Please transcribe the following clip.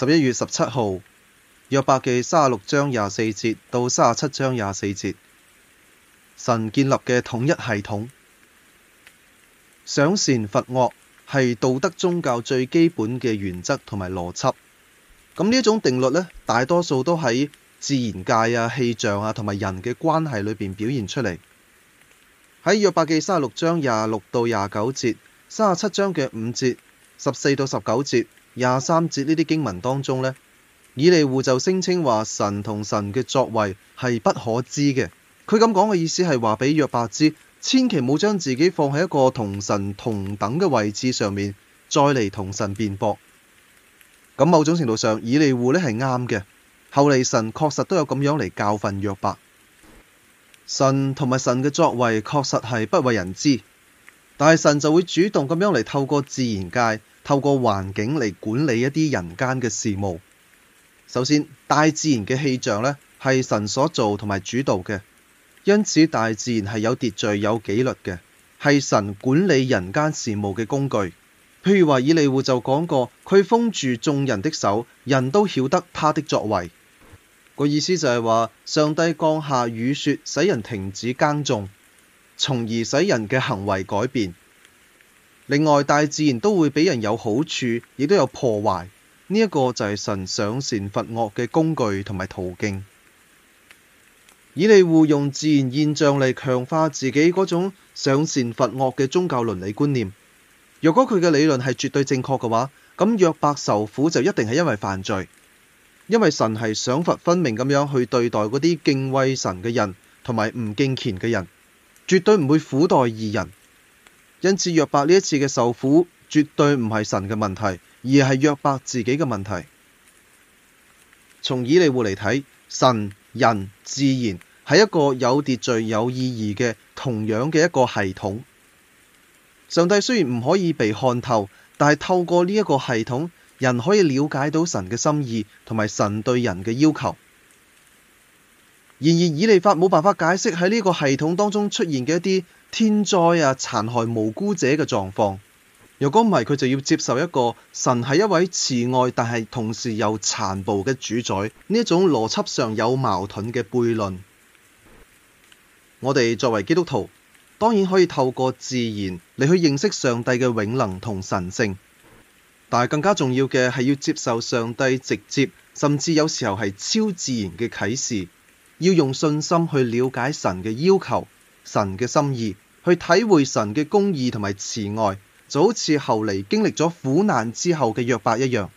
十一月十七號，約伯記三十六章廿四節到三十七章廿四節，神建立嘅統一系統，賞善罰惡，係道德宗教最基本嘅原則同埋邏輯。咁呢一種定律呢，大多數都喺自然界啊、氣象啊同埋人嘅關係裏邊表現出嚟。喺約伯記三十六章廿六到廿九節，三十七章嘅五節、十四到十九節。廿三節呢啲經文當中呢，以利戶就聲稱話神同神嘅作為係不可知嘅。佢咁講嘅意思係話俾約伯知，千祈冇將自己放喺一個同神同等嘅位置上面，再嚟同神辯駁。咁某種程度上，以利戶呢係啱嘅。後嚟神確實都有咁樣嚟教訓約伯。神同埋神嘅作為確實係不為人知，但係神就會主動咁樣嚟透過自然界。透過環境嚟管理一啲人間嘅事務。首先，大自然嘅氣象呢，係神所做同埋主導嘅，因此大自然係有秩序、有紀律嘅，係神管理人間事務嘅工具。譬如話以利戶就講過，佢封住眾人的手，人都曉得他的作為。個意思就係話，上帝降下雨雪，使人停止耕種，從而使人嘅行為改變。另外，大自然都會俾人有好處，亦都有破壞。呢一個就係神賞善罰惡嘅工具同埋途徑。以利戶用自然現象嚟強化自己嗰種賞善罰惡嘅宗教倫理觀念。若果佢嘅理論係絕對正確嘅話，咁約伯受苦就一定係因為犯罪，因為神係賞罰分明咁樣去對待嗰啲敬畏神嘅人同埋唔敬虔嘅人，絕對唔會苦待義人。因此，約伯呢一次嘅受苦絕對唔係神嘅問題，而係約伯自己嘅問題。從以利戶嚟睇，神、人、自然係一個有秩序、有意義嘅同樣嘅一個系統。上帝雖然唔可以被看透，但係透過呢一個系統，人可以了解到神嘅心意同埋神對人嘅要求。然而，以利法冇辦法解釋喺呢個系統當中出現嘅一啲。天災啊，殘害無辜者嘅狀況，如果唔係佢就要接受一個神係一位慈愛但係同時又殘暴嘅主宰呢一種邏輯上有矛盾嘅悖論。我哋作為基督徒，當然可以透過自然嚟去認識上帝嘅永能同神性，但係更加重要嘅係要接受上帝直接，甚至有時候係超自然嘅啟示，要用信心去了解神嘅要求。神嘅心意，去體會神嘅公義同埋慈愛，就好似後嚟經歷咗苦難之後嘅約伯一樣。